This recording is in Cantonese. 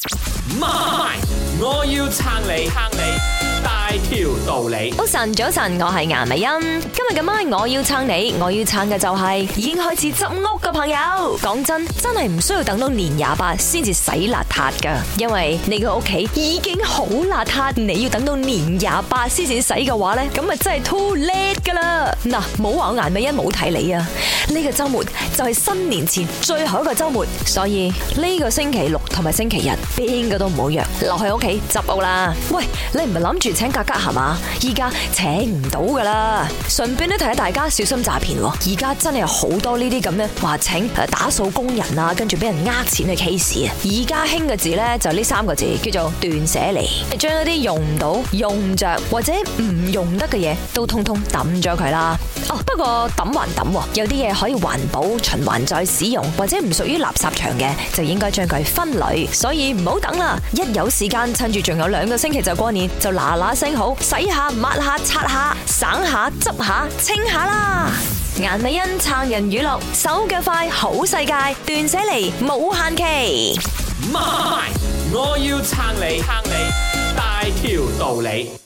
媽咪，My. 我要撐你。撐你。大條道理，早晨，早晨，我係顏美欣。今日咁晚我要撐你，我要撐嘅就係已經開始執屋嘅朋友。講真，真係唔需要等到年廿八先至洗邋遢噶，因為你個屋企已經好邋遢。你要等到年廿八先至洗嘅話咧，咁啊真係 too late 噶啦。嗱，唔好話我顏美欣冇睇你啊！呢個週末就係新年前最後一個週末，所以呢個星期六同埋星期日邊個都唔好約，留喺屋企執屋啦。喂，你唔係諗住？請格格係嘛？依家請唔到噶啦。順便都提下大家小心詐騙。而家真係好多呢啲咁樣話請誒打掃工人啊，跟住俾人呃錢嘅 case 啊。而家興嘅字咧就呢三個字叫做斷捨離，將一啲用唔到、用唔着或者唔用得嘅嘢都通通抌咗佢啦。哦，不過抌還抌，有啲嘢可以環保循環再使用，或者唔屬於垃圾場嘅就應該將佢分類。所以唔好等啦，一有時間趁住仲有兩個星期就過年就拿。嗱聲好，洗下抹下擦下，省下執下清下啦！顏美欣撐人語錄，手腳快好世界，斷捨離冇限期。我要撐你，撐你大條道理。